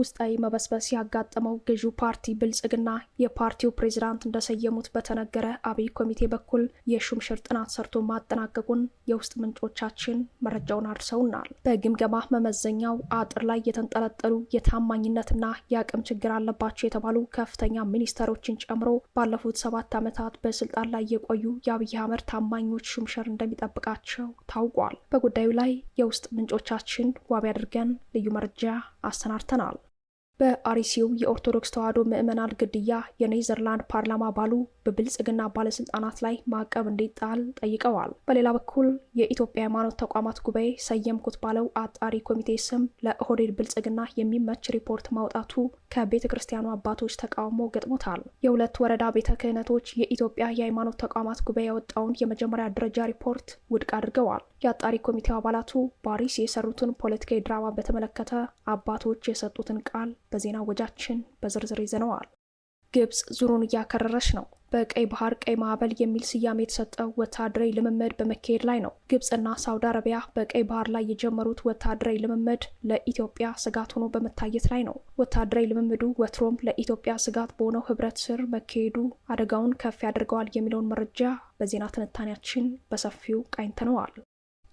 ውስጣዊ መበስበስ ያጋጠመው ገዢው ፓርቲ ብልጽግና የፓርቲው ፕሬዚዳንት እንደሰየሙት በተነገረ አብይ ኮሚቴ በኩል የሹምሽር ጥናት ሰርቶ ማጠናቀቁን የውስጥ ምንጮቻችን መረጃውን አድርሰውናል። በግምገማ መመዘኛው አጥር ላይ የተንጠለጠሉ የታማኝነትና የአቅም ችግር አለባቸው የተባሉ ከፍተኛ ሚኒስተሮችን ጨምሮ ባለፉት ሰባት ዓመታት በስልጣን ላይ የቆዩ የአብይ አህመድ ታማኞች ሹምሽር እንደሚጠብቃቸው ታውቋል። በጉዳዩ ላይ የውስጥ ምንጮቻችን ዋቢ አድርገን ልዩ መረጃ አሰናድተናል። በአሪሲው የኦርቶዶክስ ተዋሕዶ ምዕመናን ግድያ የኔዘርላንድ ፓርላማ ባሉ በብልጽግና ባለስልጣናት ላይ ማዕቀብ እንዲጣል ጠይቀዋል። በሌላ በኩል የኢትዮጵያ ሃይማኖት ተቋማት ጉባኤ ሰየምኩት ባለው አጣሪ ኮሚቴ ስም ለኦህዴድ ብልጽግና የሚመች ሪፖርት ማውጣቱ ከቤተ ክርስቲያኑ አባቶች ተቃውሞ ገጥሞታል። የሁለት ወረዳ ቤተ ክህነቶች የኢትዮጵያ የሃይማኖት ተቋማት ጉባኤ ያወጣውን የመጀመሪያ ደረጃ ሪፖርት ውድቅ አድርገዋል። የአጣሪ ኮሚቴው አባላቱ ባሪስ የሰሩትን ፖለቲካዊ ድራማ በተመለከተ አባቶች የሰጡትን ቃል በዜና ወጃችን በዝርዝር ይዘነዋል። ግብጽ ዙሩን እያከረረች ነው። በቀይ ባህር ቀይ ማዕበል የሚል ስያሜ የተሰጠው ወታደራዊ ልምምድ በመካሄድ ላይ ነው። ግብጽና ሳውዲ አረቢያ በቀይ ባህር ላይ የጀመሩት ወታደራዊ ልምምድ ለኢትዮጵያ ስጋት ሆኖ በመታየት ላይ ነው። ወታደራዊ ልምምዱ ወትሮም ለኢትዮጵያ ስጋት በሆነው ህብረት ስር መካሄዱ አደጋውን ከፍ ያደርገዋል የሚለውን መረጃ በዜና ትንታኔያችን በሰፊው ቃኝተነዋል።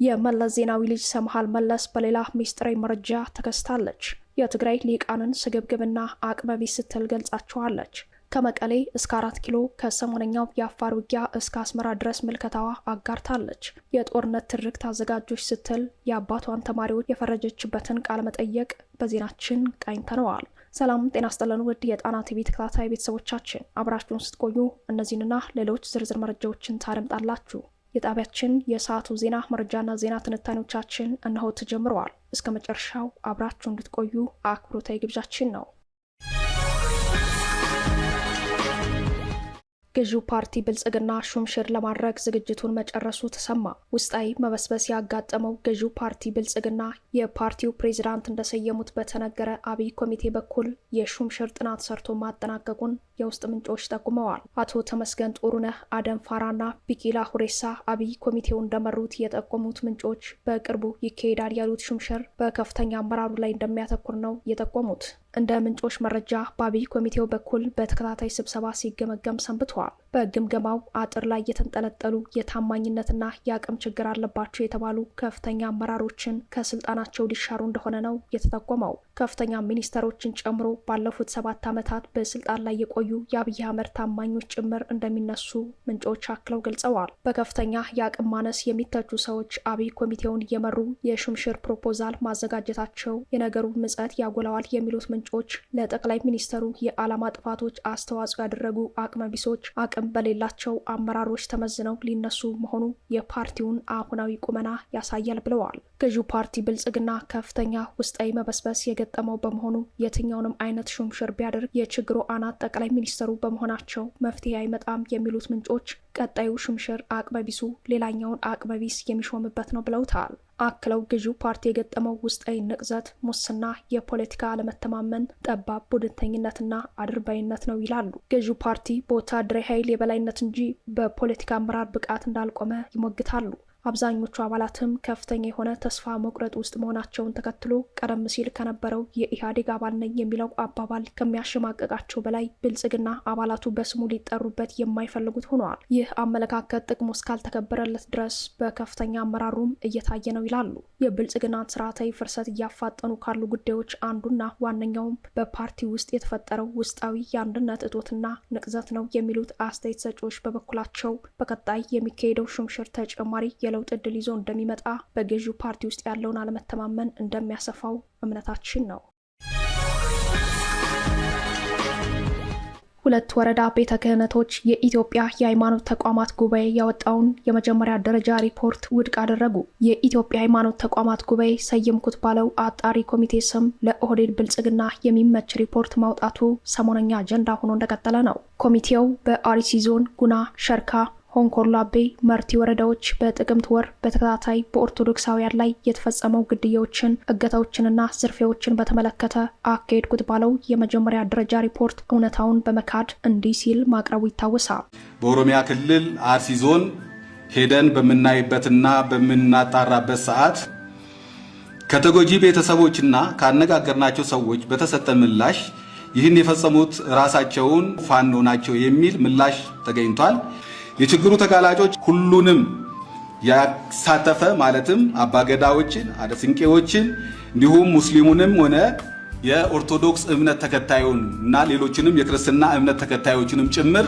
የመለስ ዜናዊ ልጅ ሰምሃል መለስ በሌላ ሚስጥራዊ መረጃ ተከስታለች። የትግራይ ሊቃንን ስግብግብና አቅመቢ ስትል ገልጻቸዋለች። ከመቀሌ እስከ አራት ኪሎ ከሰሞነኛው የአፋር ውጊያ እስከ አስመራ ድረስ ምልከታዋ አጋርታለች። የጦርነት ትርክት አዘጋጆች ስትል የአባቷን ተማሪዎች የፈረጀችበትን መጠየቅ በዜናችን ቃኝተነዋል። ሰላም ጤና ስጠለን ውድ የጣና ቲቪ ተከታታይ ቤተሰቦቻችን አብራችሁን ስትቆዩ እነዚህንና ሌሎች ዝርዝር መረጃዎችን ታደምጣላችሁ። የጣቢያችን የሰዓቱ ዜና መረጃና ዜና ትንታኔዎቻችን እነሆ ተጀምረዋል። እስከ መጨረሻው አብራችሁ እንድትቆዩ አክብሮታዊ ግብዣችን ነው። ገዢው ፓርቲ ብልጽግና ሹምሽር ለማድረግ ዝግጅቱን መጨረሱ ተሰማ። ውስጣዊ መበስበስ ያጋጠመው ገዢው ፓርቲ ብልጽግና የፓርቲው ፕሬዚዳንት እንደሰየሙት በተነገረ አብይ ኮሚቴ በኩል የሹምሽር ጥናት ሰርቶ ማጠናቀቁን የውስጥ ምንጮች ጠቁመዋል። አቶ ተመስገን ጦሩነ አደም ፋራና ቢቂላ ሁሬሳ አብይ ኮሚቴው እንደመሩት የጠቆሙት ምንጮች በቅርቡ ይካሄዳል ያሉት ሹምሽር በከፍተኛ አመራሩ ላይ እንደሚያተኩር ነው የጠቆሙት። እንደ ምንጮች መረጃ በአብይ ኮሚቴው በኩል በተከታታይ ስብሰባ ሲገመገም ሰንብተዋል። በግምገማው አጥር ላይ የተንጠለጠሉ የታማኝነትና የአቅም ችግር አለባቸው የተባሉ ከፍተኛ አመራሮችን ከስልጣናቸው ሊሻሩ እንደሆነ ነው የተጠቆመው። ከፍተኛ ሚኒስተሮችን ጨምሮ ባለፉት ሰባት ዓመታት በስልጣን ላይ የቆዩ የአብይ አህመድ ታማኞች ጭምር እንደሚነሱ ምንጮች አክለው ገልጸዋል። በከፍተኛ የአቅም ማነስ የሚተቹ ሰዎች አብይ ኮሚቴውን እየመሩ የሹምሽር ፕሮፖዛል ማዘጋጀታቸው የነገሩን ምጸት ያጎላዋል የሚሉት ምንጮች ለጠቅላይ ሚኒስተሩ የዓላማ ጥፋቶች አስተዋጽኦ ያደረጉ አቅመ ቢሶች አቅም በሌላቸው አመራሮች ተመዝነው ሊነሱ መሆኑ የፓርቲውን አሁናዊ ቁመና ያሳያል ብለዋል። ገዢው ፓርቲ ብልጽግና ከፍተኛ ውስጣዊ መበስበስ የገ የገጠመው በመሆኑ የትኛውንም አይነት ሹምሽር ቢያደርግ የችግሩ አናት ጠቅላይ ሚኒስትሩ በመሆናቸው መፍትሄ አይመጣም የሚሉት ምንጮች ቀጣዩ ሹምሽር አቅመቢሱ ሌላኛውን አቅመቢስ የሚሾምበት ነው ብለውታል። አክለው ገዢው ፓርቲ የገጠመው ውስጣዊ ንቅዘት፣ ሙስና፣ የፖለቲካ አለመተማመን፣ ጠባብ ቡድንተኝነትና አድርባይነት ነው ይላሉ። ገዢው ፓርቲ በወታደራዊ ኃይል የበላይነት እንጂ በፖለቲካ አመራር ብቃት እንዳልቆመ ይሞግታሉ። አብዛኞቹ አባላትም ከፍተኛ የሆነ ተስፋ መቁረጥ ውስጥ መሆናቸውን ተከትሎ ቀደም ሲል ከነበረው የኢህአዴግ አባል ነኝ የሚለው አባባል ከሚያሸማቀቃቸው በላይ ብልጽግና አባላቱ በስሙ ሊጠሩበት የማይፈልጉት ሆነዋል። ይህ አመለካከት ጥቅሙ እስካልተከበረለት ድረስ በከፍተኛ አመራሩም እየታየ ነው ይላሉ። የብልጽግና ስርዓታዊ ፍርሰት እያፋጠኑ ካሉ ጉዳዮች አንዱና ዋነኛውም በፓርቲ ውስጥ የተፈጠረው ውስጣዊ የአንድነት እጦትና ንቅዘት ነው የሚሉት አስተያየት ሰጪዎች በበኩላቸው በቀጣይ የሚካሄደው ሹምሽር ተጨማሪ የለውጥ እድል ይዞ እንደሚመጣ በገዢው ፓርቲ ውስጥ ያለውን አለመተማመን እንደሚያሰፋው እምነታችን ነው። ሁለት ወረዳ ቤተ ክህነቶች የኢትዮጵያ የሃይማኖት ተቋማት ጉባኤ ያወጣውን የመጀመሪያ ደረጃ ሪፖርት ውድቅ አደረጉ። የኢትዮጵያ ሃይማኖት ተቋማት ጉባኤ ሰየምኩት ባለው አጣሪ ኮሚቴ ስም ለኦህዴድ ብልጽግና የሚመች ሪፖርት ማውጣቱ ሰሞነኛ አጀንዳ ሆኖ እንደቀጠለ ነው። ኮሚቴው በአርሲ ዞን ጉና ሸርካ ሆንኮላቤ፣ መርቲ ወረዳዎች በጥቅምት ወር በተከታታይ በኦርቶዶክሳውያን ላይ የተፈጸመው ግድያዎችን፣ እገታዎችንና ዝርፊያዎችን በተመለከተ አካሄድኩት ባለው የመጀመሪያ ደረጃ ሪፖርት እውነታውን በመካድ እንዲህ ሲል ማቅረቡ ይታወሳል። በኦሮሚያ ክልል አርሲ ዞን ሄደን በምናይበትና በምናጣራበት ሰዓት ከተጎጂ ቤተሰቦችና ካነጋገርናቸው ሰዎች በተሰጠ ምላሽ ይህን የፈጸሙት ራሳቸውን ፋኖ ናቸው የሚል ምላሽ ተገኝቷል። የችግሩ ተጋላጮች ሁሉንም ያሳተፈ ማለትም አባገዳዎችን፣ አደስንቄዎችን እንዲሁም ሙስሊሙንም ሆነ የኦርቶዶክስ እምነት ተከታዩን እና ሌሎችንም የክርስትና እምነት ተከታዮችንም ጭምር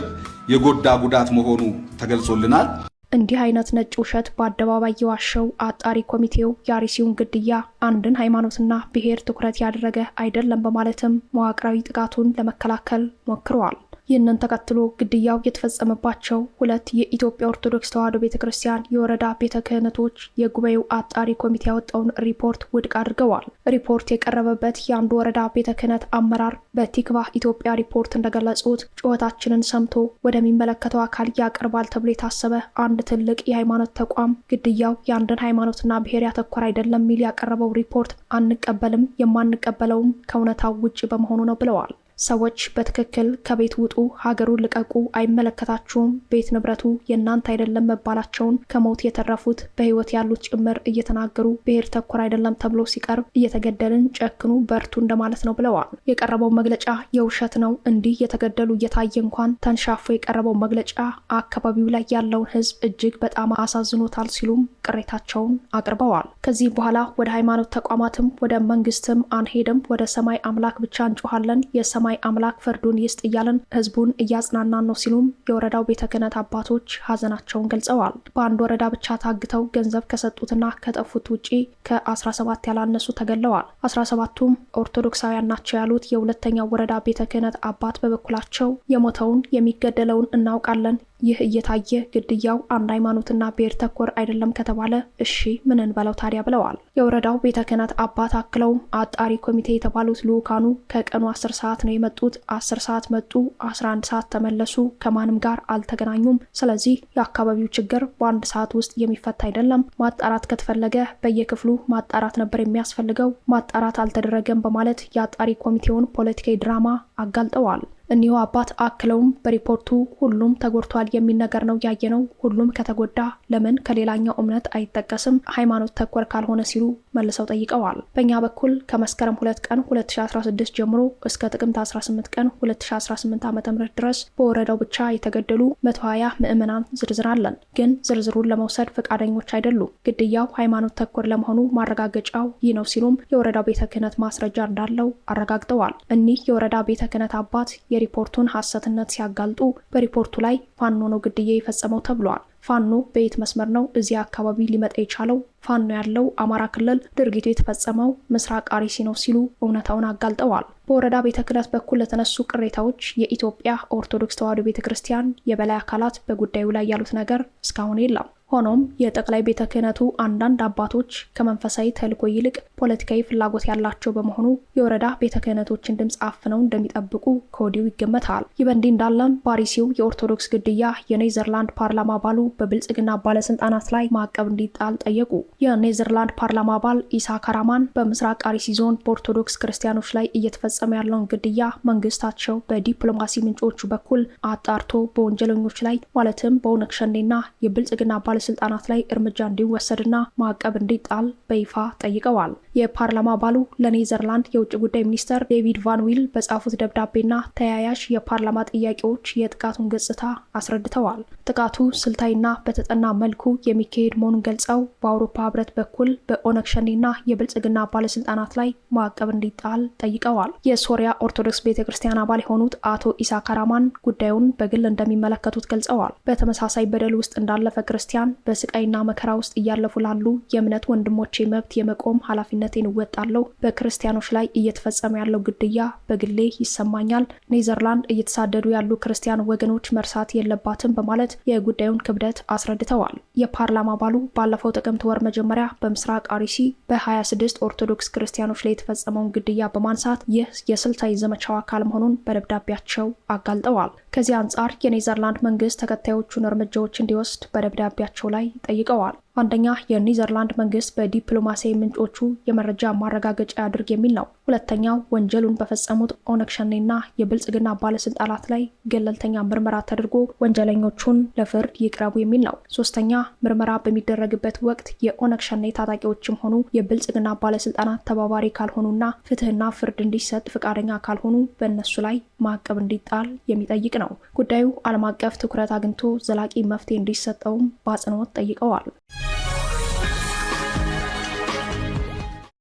የጎዳ ጉዳት መሆኑ ተገልጾልናል። እንዲህ አይነት ነጭ ውሸት በአደባባይ የዋሸው አጣሪ ኮሚቴው የአርሲውን ግድያ አንድን ሃይማኖትና ብሔር ትኩረት ያደረገ አይደለም በማለትም መዋቅራዊ ጥቃቱን ለመከላከል ሞክረዋል። ይህንን ተከትሎ ግድያው የተፈጸመባቸው ሁለት የኢትዮጵያ ኦርቶዶክስ ተዋሕዶ ቤተ ክርስቲያን የወረዳ ቤተ ክህነቶች የጉባኤው አጣሪ ኮሚቴ ያወጣውን ሪፖርት ውድቅ አድርገዋል። ሪፖርት የቀረበበት የአንዱ ወረዳ ቤተ ክህነት አመራር በቲክቫህ ኢትዮጵያ ሪፖርት እንደገለጹት ጩኸታችንን ሰምቶ ወደሚመለከተው አካል ያቀርባል ተብሎ የታሰበ አንድ ትልቅ የሃይማኖት ተቋም ግድያው የአንድን ሃይማኖትና ብሔር ያተኮረ አይደለም የሚል ያቀረበው ሪፖርት አንቀበልም፣ የማንቀበለውም ከእውነታው ውጭ በመሆኑ ነው ብለዋል። ሰዎች በትክክል ከቤት ውጡ፣ ሀገሩን ልቀቁ፣ አይመለከታችሁም፣ ቤት ንብረቱ የእናንተ አይደለም መባላቸውን ከሞት የተረፉት በህይወት ያሉት ጭምር እየተናገሩ ብሔር ተኮር አይደለም ተብሎ ሲቀርብ እየተገደልን ጨክኑ፣ በርቱ እንደማለት ነው ብለዋል። የቀረበው መግለጫ የውሸት ነው። እንዲህ የተገደሉ እየታየ እንኳን ተንሻፎ የቀረበው መግለጫ አካባቢው ላይ ያለውን ህዝብ እጅግ በጣም አሳዝኖታል ሲሉም ቅሬታቸውን አቅርበዋል። ከዚህ በኋላ ወደ ሃይማኖት ተቋማትም ወደ መንግስትም አንሄድም፣ ወደ ሰማይ አምላክ ብቻ እንጮኋለን የሰማ የሰማይ አምላክ ፍርዱን ይስጥ እያለን ህዝቡን እያጽናናን ነው ሲሉም የወረዳው ቤተ ክህነት አባቶች ሀዘናቸውን ገልጸዋል። በአንድ ወረዳ ብቻ ታግተው ገንዘብ ከሰጡትና ከጠፉት ውጪ ከ17 ያላነሱ ተገለዋል። 17ቱም ኦርቶዶክሳውያን ናቸው ያሉት የሁለተኛው ወረዳ ቤተ ክህነት አባት በበኩላቸው የሞተውን የሚገደለውን እናውቃለን ይህ እየታየ ግድያው አንድ ሃይማኖትና ብሔር ተኮር አይደለም ከተባለ እሺ ምን እንበለው ታዲያ ብለዋል። የወረዳው ቤተ ክህነት አባት አክለውም አጣሪ ኮሚቴ የተባሉት ልዑካኑ ከቀኑ አስር ሰዓት ነው የመጡት። አስር ሰዓት መጡ፣ አስራ አንድ ሰዓት ተመለሱ። ከማንም ጋር አልተገናኙም። ስለዚህ የአካባቢው ችግር በአንድ ሰዓት ውስጥ የሚፈታ አይደለም። ማጣራት ከተፈለገ በየክፍሉ ማጣራት ነበር የሚያስፈልገው። ማጣራት አልተደረገም በማለት የአጣሪ ኮሚቴውን ፖለቲካዊ ድራማ አጋልጠዋል። እኒሁ አባት አክለውም በሪፖርቱ ሁሉም ተጎድቷል የሚል ነገር ነው ያየነው። ሁሉም ከተጎዳ ለምን ከሌላኛው እምነት አይጠቀስም ሃይማኖት ተኮር ካልሆነ ሲሉ መልሰው ጠይቀዋል። በእኛ በኩል ከመስከረም 2 ቀን 2016 ጀምሮ እስከ ጥቅምት 18 ቀን 2018 ዓ ም ድረስ በወረዳው ብቻ የተገደሉ 120 ምዕመናን ዝርዝር አለን፣ ግን ዝርዝሩን ለመውሰድ ፈቃደኞች አይደሉም። ግድያው ሃይማኖት ተኮር ለመሆኑ ማረጋገጫው ይህ ነው ሲሉም የወረዳው ቤተ ክህነት ማስረጃ እንዳለው አረጋግጠዋል። እኒህ የወረዳ ቤተ ክህነት አባት የሪፖርቱን ሐሰትነት ሲያጋልጡ በሪፖርቱ ላይ ፋኖ ነው ግድያ የፈጸመው ተብሏል። ፋኖ በየት መስመር ነው እዚህ አካባቢ ሊመጣ የቻለው? ፋኖ ያለው አማራ ክልል ድርጊቱ የተፈጸመው ምስራቅ አርሲ ነው ሲሉ እውነታውን አጋልጠዋል። በወረዳ ቤተ ክህነት በኩል ለተነሱ ቅሬታዎች የኢትዮጵያ ኦርቶዶክስ ተዋሕዶ ቤተ ክርስቲያን የበላይ አካላት በጉዳዩ ላይ ያሉት ነገር እስካሁን የለም። ሆኖም የጠቅላይ ቤተ ክህነቱ አንዳንድ አባቶች ከመንፈሳዊ ተልእኮ ይልቅ ፖለቲካዊ ፍላጎት ያላቸው በመሆኑ የወረዳ ቤተ ክህነቶችን ድምፅ አፍነው እንደሚጠብቁ ከወዲሁ ይገመታል። ይህ በእንዲህ እንዳለም ባሪሲው የኦርቶዶክስ ግድያ የኔዘርላንድ ፓርላማ አባሉ በብልጽግና ባለስልጣናት ላይ ማዕቀብ እንዲጣል ጠየቁ። የኔዘርላንድ ፓርላማ አባል ኢሳ ካራማን በምስራቅ አሪሲ ዞን በኦርቶዶክስ ክርስቲያኖች ላይ እየተፈ እየፈጸመ ያለውን ግድያ መንግስታቸው በዲፕሎማሲ ምንጮቹ በኩል አጣርቶ በወንጀለኞች ላይ ማለትም በኦነግ ሸኔና የብልጽግና ባለስልጣናት ላይ እርምጃ እንዲወሰድና ማዕቀብ እንዲጣል በይፋ ጠይቀዋል። የፓርላማ አባሉ ለኔዘርላንድ የውጭ ጉዳይ ሚኒስተር ዴቪድ ቫን ዊል በጻፉት ደብዳቤና ተያያዥ የፓርላማ ጥያቄዎች የጥቃቱን ገጽታ አስረድተዋል። ጥቃቱ ስልታዊና በተጠና መልኩ የሚካሄድ መሆኑን ገልጸው በአውሮፓ ህብረት በኩል በኦነግ ሸኔና የብልጽግና ባለስልጣናት ላይ ማዕቀብ እንዲጣል ጠይቀዋል። የሶሪያ ኦርቶዶክስ ቤተ ክርስቲያን አባል የሆኑት አቶ ኢሳ ካራማን ጉዳዩን በግል እንደሚመለከቱት ገልጸዋል። በተመሳሳይ በደል ውስጥ እንዳለፈ ክርስቲያን በስቃይና መከራ ውስጥ እያለፉ ላሉ የእምነት ወንድሞቼ መብት የመቆም ኃላፊነቴን እወጣለሁ። በክርስቲያኖች ላይ እየተፈጸመ ያለው ግድያ በግሌ ይሰማኛል። ኔዘርላንድ እየተሳደዱ ያሉ ክርስቲያን ወገኖች መርሳት የለባትም በማለት የጉዳዩን ክብደት አስረድተዋል። የፓርላማ አባሉ ባለፈው ጥቅምት ወር መጀመሪያ በምስራቅ አሪሲ በ26 ኦርቶዶክስ ክርስቲያኖች ላይ የተፈጸመውን ግድያ በማንሳት ይህ የስልታዊ ዘመቻው አካል መሆኑን በደብዳቤያቸው አጋልጠዋል። ከዚህ አንጻር የኔዘርላንድ መንግስት ተከታዮቹን እርምጃዎች እንዲወስድ በደብዳቤያቸው ላይ ጠይቀዋል። አንደኛ የኒዘርላንድ መንግስት በዲፕሎማሲያዊ ምንጮቹ የመረጃ ማረጋገጫ ያድርግ የሚል ነው። ሁለተኛው ወንጀሉን በፈጸሙት ኦነግ ሸኔና የብልጽግና ባለስልጣናት ላይ ገለልተኛ ምርመራ ተደርጎ ወንጀለኞቹን ለፍርድ ይቅረቡ የሚል ነው። ሶስተኛ ምርመራ በሚደረግበት ወቅት የኦነግ ሸኔ ታጣቂዎችም ሆኑ የብልጽግና ባለስልጣናት ተባባሪ ካልሆኑና ፍትህና ፍርድ እንዲሰጥ ፈቃደኛ ካልሆኑ በእነሱ ላይ ማዕቀብ እንዲጣል የሚጠይቅ ነው። ጉዳዩ ዓለም አቀፍ ትኩረት አግኝቶ ዘላቂ መፍትሄ እንዲሰጠውም በአጽንኦት ጠይቀዋል።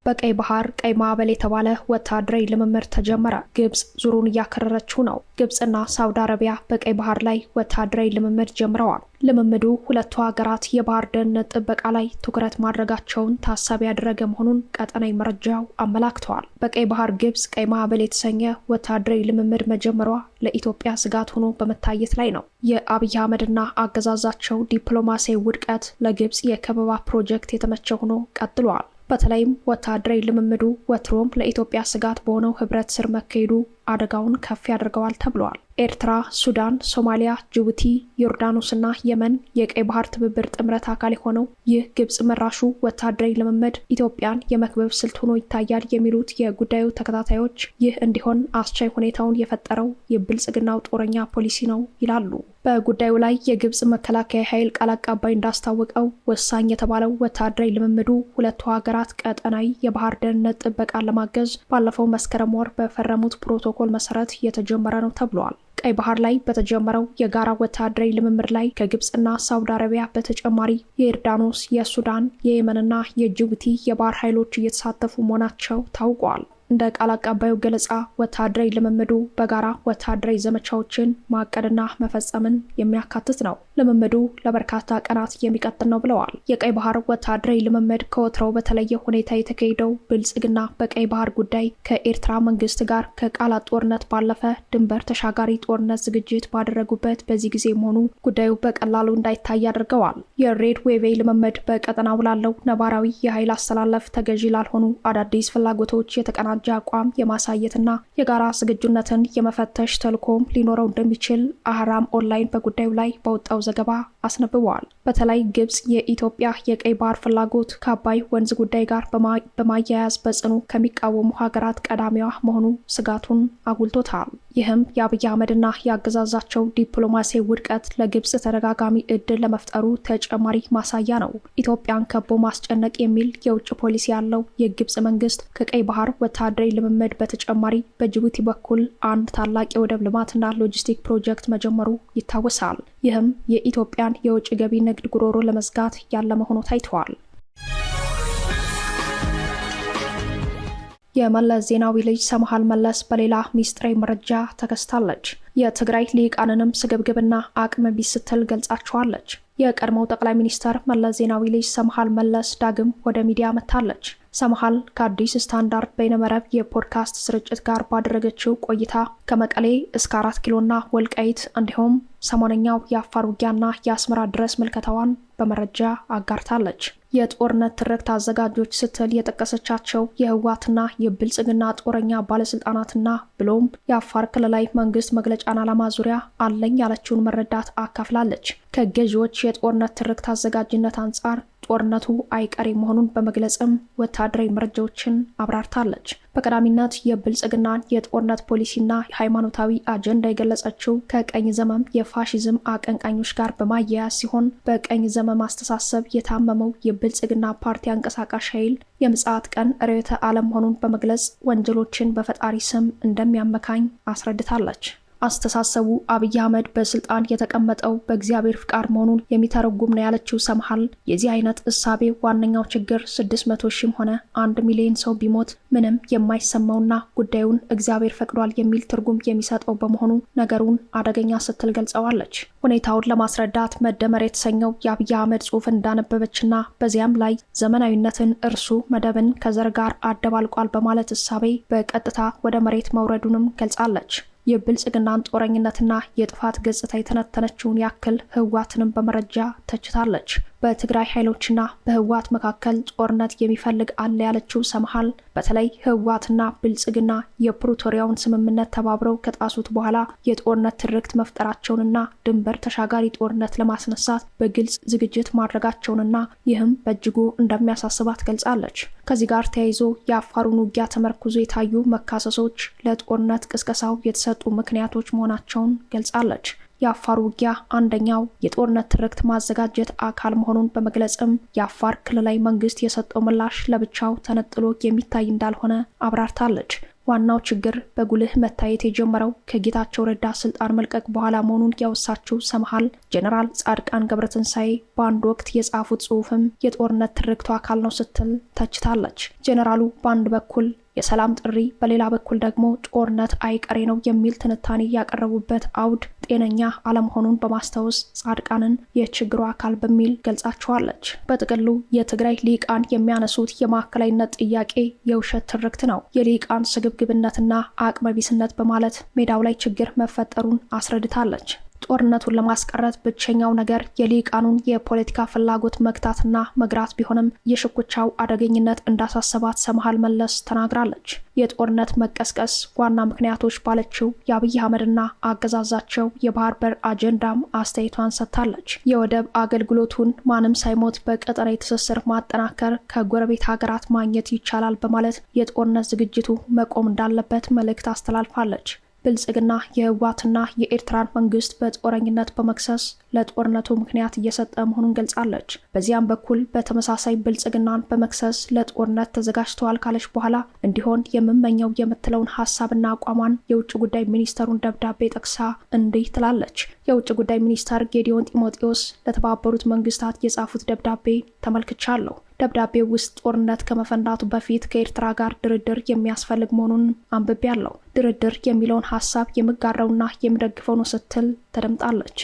በቀይ ባህር ቀይ ማዕበል የተባለ ወታደራዊ ልምምድ ተጀመረ። ግብጽ ዙሩን እያከረረችው ነው። ግብፅና ሳውዲ አረቢያ በቀይ ባህር ላይ ወታደራዊ ልምምድ ጀምረዋል። ልምምዱ ሁለቱ ሀገራት የባህር ደህንነት ጥበቃ ላይ ትኩረት ማድረጋቸውን ታሳቢ ያደረገ መሆኑን ቀጠናዊ መረጃው አመላክተዋል። በቀይ ባህር ግብጽ ቀይ ማዕበል የተሰኘ ወታደራዊ ልምምድ መጀመሯ ለኢትዮጵያ ስጋት ሆኖ በመታየት ላይ ነው። የአብይ አህመድና አገዛዛቸው ዲፕሎማሲያዊ ውድቀት ለግብጽ የከበባ ፕሮጀክት የተመቸ ሆኖ ቀጥሏል። በተለይም ወታደራዊ ልምምዱ ወትሮም ለኢትዮጵያ ስጋት በሆነው ህብረት ስር መካሄዱ አደጋውን ከፍ ያደርገዋል ተብለዋል። ኤርትራ፣ ሱዳን፣ ሶማሊያ፣ ጅቡቲ፣ ዮርዳኖስና የመን የቀይ ባህር ትብብር ጥምረት አካል የሆነው ይህ ግብጽ መራሹ ወታደራዊ ልምምድ ኢትዮጵያን የመክበብ ስልት ሆኖ ይታያል የሚሉት የጉዳዩ ተከታታዮች ይህ እንዲሆን አስቻይ ሁኔታውን የፈጠረው የብልጽግናው ጦረኛ ፖሊሲ ነው ይላሉ። በጉዳዩ ላይ የግብፅ መከላከያ ኃይል ቃል አቀባይ እንዳስታወቀው ወሳኝ የተባለው ወታደራዊ ልምምዱ ሁለቱ ሀገራት ቀጠናዊ የባህር ደህንነት ጥበቃን ለማገዝ ባለፈው መስከረም ወር በፈረሙት ፕሮቶኮል መሰረት የተጀመረ ነው ተብሏል። ቀይ ባህር ላይ በተጀመረው የጋራ ወታደራዊ ልምምድ ላይ ከግብፅና ሳውዲ አረቢያ በተጨማሪ የዮርዳኖስ፣ የሱዳን፣ የየመንና የጅቡቲ የባህር ኃይሎች እየተሳተፉ መሆናቸው ታውቋል። እንደ ቃል አቀባዩ ገለጻ ወታደራዊ ልምምዱ በጋራ ወታደራዊ ዘመቻዎችን ማቀድና መፈጸምን የሚያካትት ነው። ልምምዱ ለበርካታ ቀናት የሚቀጥል ነው ብለዋል። የቀይ ባህር ወታደራዊ ልምምድ ከወትሮው በተለየ ሁኔታ የተካሄደው ብልጽግና በቀይ ባህር ጉዳይ ከኤርትራ መንግስት ጋር ከቃላት ጦርነት ባለፈ ድንበር ተሻጋሪ ጦርነት ዝግጅት ባደረጉበት በዚህ ጊዜ መሆኑ ጉዳዩ በቀላሉ እንዳይታይ አድርገዋል። የሬድ ዌቬይ ልምምድ በቀጠናው ላለው ነባራዊ የኃይል አሰላለፍ ተገዢ ላልሆኑ አዳዲስ ፍላጎቶች የተቀናጀ የተቀናጀ አቋም የማሳየትና የጋራ ዝግጁነትን የመፈተሽ ተልኮም ሊኖረው እንደሚችል አህራም ኦንላይን በጉዳዩ ላይ በወጣው ዘገባ አስነብበዋል። በተለይ ግብጽ የኢትዮጵያ የቀይ ባህር ፍላጎት ከአባይ ወንዝ ጉዳይ ጋር በማያያዝ በጽኑ ከሚቃወሙ ሀገራት ቀዳሚዋ መሆኑ ስጋቱን አጉልቶታል። ይህም የአብይ አህመድና የአገዛዛቸው ዲፕሎማሲ ውድቀት ለግብጽ ተደጋጋሚ እድል ለመፍጠሩ ተጨማሪ ማሳያ ነው። ኢትዮጵያን ከቦ ማስጨነቅ የሚል የውጭ ፖሊሲ ያለው የግብጽ መንግስት ከቀይ ባህር ወታደራዊ ልምምድ በተጨማሪ በጅቡቲ በኩል አንድ ታላቅ የወደብ ልማትና ሎጂስቲክ ፕሮጀክት መጀመሩ ይታወሳል። ይህም የኢትዮጵያን የውጭ ገቢ ንግድ ጉሮሮ ለመዝጋት ያለመሆኑ ታይተዋል። የመለስ ዜናዊ ልጅ ሰምሃል መለስ በሌላ ሚስጥራዊ መረጃ ተከስታለች። የትግራይ ሊቃንንም ስግብግብና አቅም ቢስ ስትል ገልጻቸዋለች። የቀድሞው ጠቅላይ ሚኒስትር መለስ ዜናዊ ልጅ ሰምሃል መለስ ዳግም ወደ ሚዲያ መታለች። ሰመሃል ከአዲስ ስታንዳርድ በይነመረብ የፖድካስት ስርጭት ጋር ባደረገችው ቆይታ ከመቀሌ እስከ አራት ኪሎና ወልቃይት እንዲሁም ሰሞነኛው የአፋር ውጊያና የአስመራ ድረስ ምልከታዋን በመረጃ አጋርታለች። የጦርነት ትርክት አዘጋጆች ስትል የጠቀሰቻቸው የህወሓትና የብልጽግና ጦረኛ ባለስልጣናትና ብሎም የአፋር ክልላዊ መንግስት መግለጫን ዓላማ ዙሪያ አለኝ ያለችውን መረዳት አካፍላለች። ከገዢዎች የጦርነት ትርክት አዘጋጅነት አንጻር ጦርነቱ አይቀሬ መሆኑን በመግለጽም ወታደራዊ መረጃዎችን አብራርታለች። በቀዳሚነት የብልጽግናን የጦርነት ፖሊሲና ሃይማኖታዊ አጀንዳ የገለጸችው ከቀኝ ዘመም የፋሽዝም አቀንቃኞች ጋር በማያያዝ ሲሆን በቀኝ ዘመም አስተሳሰብ የታመመው የብልጽግና ፓርቲ አንቀሳቃሽ ኃይል የምጽአት ቀን ርዕዮተ ዓለም መሆኑን በመግለጽ ወንጀሎችን በፈጣሪ ስም እንደሚያመካኝ አስረድታለች። አስተሳሰቡ አብይ አህመድ በስልጣን የተቀመጠው በእግዚአብሔር ፍቃድ መሆኑን የሚተረጉም ነው ያለችው ሰምሃል የዚህ አይነት እሳቤ ዋነኛው ችግር ስድስት መቶ ሺህም ሆነ አንድ ሚሊዮን ሰው ቢሞት ምንም የማይሰማውና ጉዳዩን እግዚአብሔር ፈቅዷል የሚል ትርጉም የሚሰጠው በመሆኑ ነገሩን አደገኛ ስትል ገልጸዋለች። ሁኔታውን ለማስረዳት መደመር የተሰኘው የአብይ አህመድ ጽሑፍ እንዳነበበችና በዚያም ላይ ዘመናዊነትን እርሱ መደብን ከዘር ጋር አደባልቋል በማለት እሳቤ በቀጥታ ወደ መሬት መውረዱንም ገልጻለች። የብልጽግናን ጦረኝነትና የጥፋት ገጽታ የተነተነችውን ያክል ህዋትንም በመረጃ ተችታለች። በትግራይ ኃይሎችና በህወሓት መካከል ጦርነት የሚፈልግ አለ ያለችው ሰመሃል በተለይ ህወሓትና ብልጽግና የፕሪቶሪያውን ስምምነት ተባብረው ከጣሱት በኋላ የጦርነት ትርክት መፍጠራቸውንና ድንበር ተሻጋሪ ጦርነት ለማስነሳት በግልጽ ዝግጅት ማድረጋቸውንና ይህም በእጅጉ እንደሚያሳስባት ገልጻለች። ከዚህ ጋር ተያይዞ የአፋሩን ውጊያ ተመርኩዞ የታዩ መካሰሶች ለጦርነት ቅስቀሳው የተሰጡ ምክንያቶች መሆናቸውን ገልጻለች። የአፋር ውጊያ አንደኛው የጦርነት ትርክት ማዘጋጀት አካል መሆኑን በመግለጽም የአፋር ክልላዊ መንግስት የሰጠው ምላሽ ለብቻው ተነጥሎ የሚታይ እንዳልሆነ አብራርታለች። ዋናው ችግር በጉልህ መታየት የጀመረው ከጌታቸው ረዳ ስልጣን መልቀቅ በኋላ መሆኑን ያወሳችው ሰምሃል ጀኔራል ጻድቃን ገብረትንሳኤ በአንድ ወቅት የጻፉት ጽሑፍም የጦርነት ትርክቱ አካል ነው ስትል ተችታለች። ጀኔራሉ በአንድ በኩል የሰላም ጥሪ፣ በሌላ በኩል ደግሞ ጦርነት አይቀሬ ነው የሚል ትንታኔ ያቀረቡበት አውድ ጤነኛ አለመሆኑን በማስታወስ ጻድቃንን የችግሩ አካል በሚል ገልጻቸዋለች። በጥቅሉ የትግራይ ሊቃን የሚያነሱት የማዕከላዊነት ጥያቄ የውሸት ትርክት ነው፣ የሊቃን ስግብግብነትና አቅመቢስነት በማለት ሜዳው ላይ ችግር መፈጠሩን አስረድታለች። ጦርነቱን ለማስቀረት ብቸኛው ነገር የሊቃኑን የፖለቲካ ፍላጎት መግታትና መግራት ቢሆንም የሽኩቻው አደገኝነት እንዳሳሰባት ሰመሃል መለስ ተናግራለች። የጦርነት መቀስቀስ ዋና ምክንያቶች ባለችው የአብይ አህመድና አገዛዛቸው የባህር በር አጀንዳም አስተያየቷን ሰጥታለች። የወደብ አገልግሎቱን ማንም ሳይሞት በቀጠና የትስስር ማጠናከር ከጎረቤት ሀገራት ማግኘት ይቻላል በማለት የጦርነት ዝግጅቱ መቆም እንዳለበት መልእክት አስተላልፋለች። ብልጽግና የህወሓትና የኤርትራን መንግስት በጦረኝነት በመክሰስ ለጦርነቱ ምክንያት እየሰጠ መሆኑን ገልጻለች። በዚያም በኩል በተመሳሳይ ብልጽግናን በመክሰስ ለጦርነት ተዘጋጅተዋል ካለች በኋላ እንዲሆን የምመኘው የምትለውን ሀሳብና አቋሟን የውጭ ጉዳይ ሚኒስተሩን ደብዳቤ ጠቅሳ እንዲህ ትላለች። የውጭ ጉዳይ ሚኒስተር ጌዲዮን ጢሞቴዎስ ለተባበሩት መንግስታት የጻፉት ደብዳቤ ተመልክቻለሁ። ደብዳቤው ውስጥ ጦርነት ከመፈንዳቱ በፊት ከኤርትራ ጋር ድርድር የሚያስፈልግ መሆኑን አንብቤ አለው። ድርድር የሚለውን ሀሳብ የምጋራውና የምደግፈው ነው ስትል ተደምጣለች።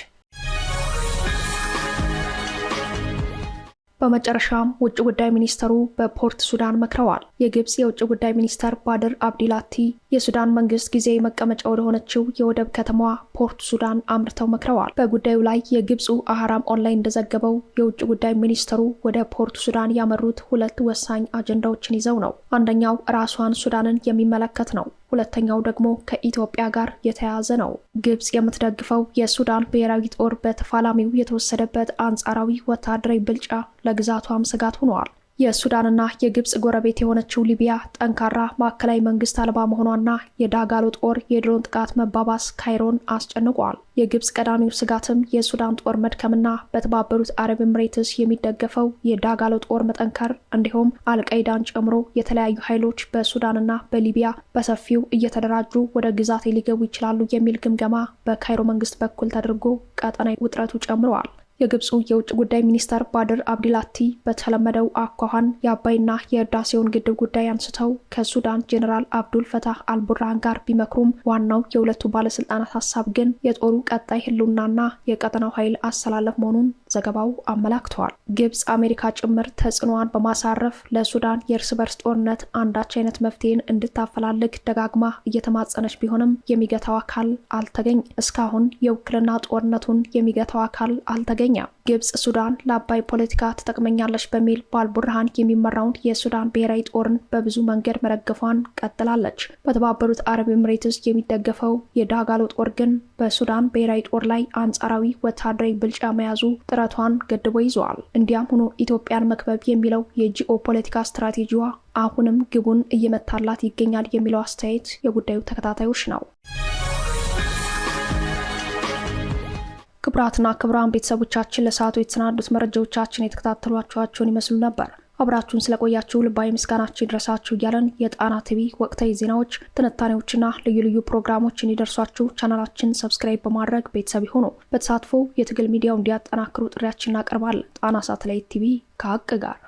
በመጨረሻም ውጭ ጉዳይ ሚኒስተሩ በፖርት ሱዳን መክረዋል። የግብፅ የውጭ ጉዳይ ሚኒስተር ባድር አብዲላቲ የሱዳን መንግስት ጊዜያዊ መቀመጫ ወደሆነችው የወደብ ከተማዋ ፖርት ሱዳን አምርተው መክረዋል። በጉዳዩ ላይ የግብፁ አህራም ኦንላይን እንደዘገበው የውጭ ጉዳይ ሚኒስተሩ ወደ ፖርት ሱዳን ያመሩት ሁለት ወሳኝ አጀንዳዎችን ይዘው ነው። አንደኛው ራሷን ሱዳንን የሚመለከት ነው። ሁለተኛው ደግሞ ከኢትዮጵያ ጋር የተያያዘ ነው። ግብጽ የምትደግፈው የሱዳን ብሔራዊ ጦር በተፋላሚው የተወሰደበት አንጻራዊ ወታደራዊ ብልጫ ለግዛቷም ስጋት ሆኗል። የሱዳንና የግብፅ ጎረቤት የሆነችው ሊቢያ ጠንካራ ማዕከላዊ መንግስት አልባ መሆኗና የዳጋሎ ጦር የድሮን ጥቃት መባባስ ካይሮን አስጨንቋል። የግብፅ ቀዳሚው ስጋትም የሱዳን ጦር መድከምና በተባበሩት አረብ ኤምሬትስ የሚደገፈው የዳጋሎ ጦር መጠንከር እንዲሁም አልቀይዳን ጨምሮ የተለያዩ ኃይሎች በሱዳንና በሊቢያ በሰፊው እየተደራጁ ወደ ግዛቴ ሊገቡ ይችላሉ የሚል ግምገማ በካይሮ መንግስት በኩል ተደርጎ ቀጠናዊ ውጥረቱ ጨምረዋል። የግብፁ የውጭ ጉዳይ ሚኒስተር ባድር አብዲላቲ በተለመደው አኳኋን የአባይና የህዳሴውን ግድብ ጉዳይ አንስተው ከሱዳን ጄኔራል አብዱል ፈታህ አልቡርሃን ጋር ቢመክሩም ዋናው የሁለቱ ባለስልጣናት ሀሳብ ግን የጦሩ ቀጣይ ህልውናና የቀጠናው ኃይል አሰላለፍ መሆኑን ዘገባው አመላክተዋል። ግብፅ አሜሪካ ጭምር ተጽዕኖዋን በማሳረፍ ለሱዳን የእርስ በርስ ጦርነት አንዳች አይነት መፍትሄን እንድታፈላልግ ደጋግማ እየተማጸነች ቢሆንም የሚገታው አካል አልተገኝ እስካሁን የውክልና ጦርነቱን የሚገታው አካል አልተገኝ አንደኛ ግብጽ ሱዳን ለአባይ ፖለቲካ ትጠቅመኛለች በሚል በአልቡርሃን የሚመራውን የሱዳን ብሔራዊ ጦርን በብዙ መንገድ መደገፏን ቀጥላለች። በተባበሩት አረብ ኤምሬትስ የሚደገፈው የዳጋሎ ጦር ግን በሱዳን ብሔራዊ ጦር ላይ አንጻራዊ ወታደራዊ ብልጫ መያዙ ጥረቷን ገድቦ ይዘዋል። እንዲያም ሆኖ ኢትዮጵያን መክበብ የሚለው የጂኦ ፖለቲካ ስትራቴጂዋ አሁንም ግቡን እየመታላት ይገኛል የሚለው አስተያየት የጉዳዩ ተከታታዮች ነው። ክብራትና ክብራን ቤተሰቦቻችን ለሰዓቱ የተሰናዱት መረጃዎቻችን የተከታተሏቸኋቸውን ይመስሉ ነበር። አብራችሁን ስለቆያችሁ ልባዊ ምስጋናችን ይድረሳችሁ እያለን የጣና ቲቪ ወቅታዊ ዜናዎች፣ ትንታኔዎችና ልዩ ልዩ ፕሮግራሞች እንዲደርሷችሁ ቻናላችን ሰብስክራይብ በማድረግ ቤተሰብ ይሆኑ። በተሳትፎ የትግል ሚዲያው እንዲያጠናክሩ ጥሪያችን እናቀርባለን። ጣና ሳተላይት ቲቪ ከሀቅ ጋር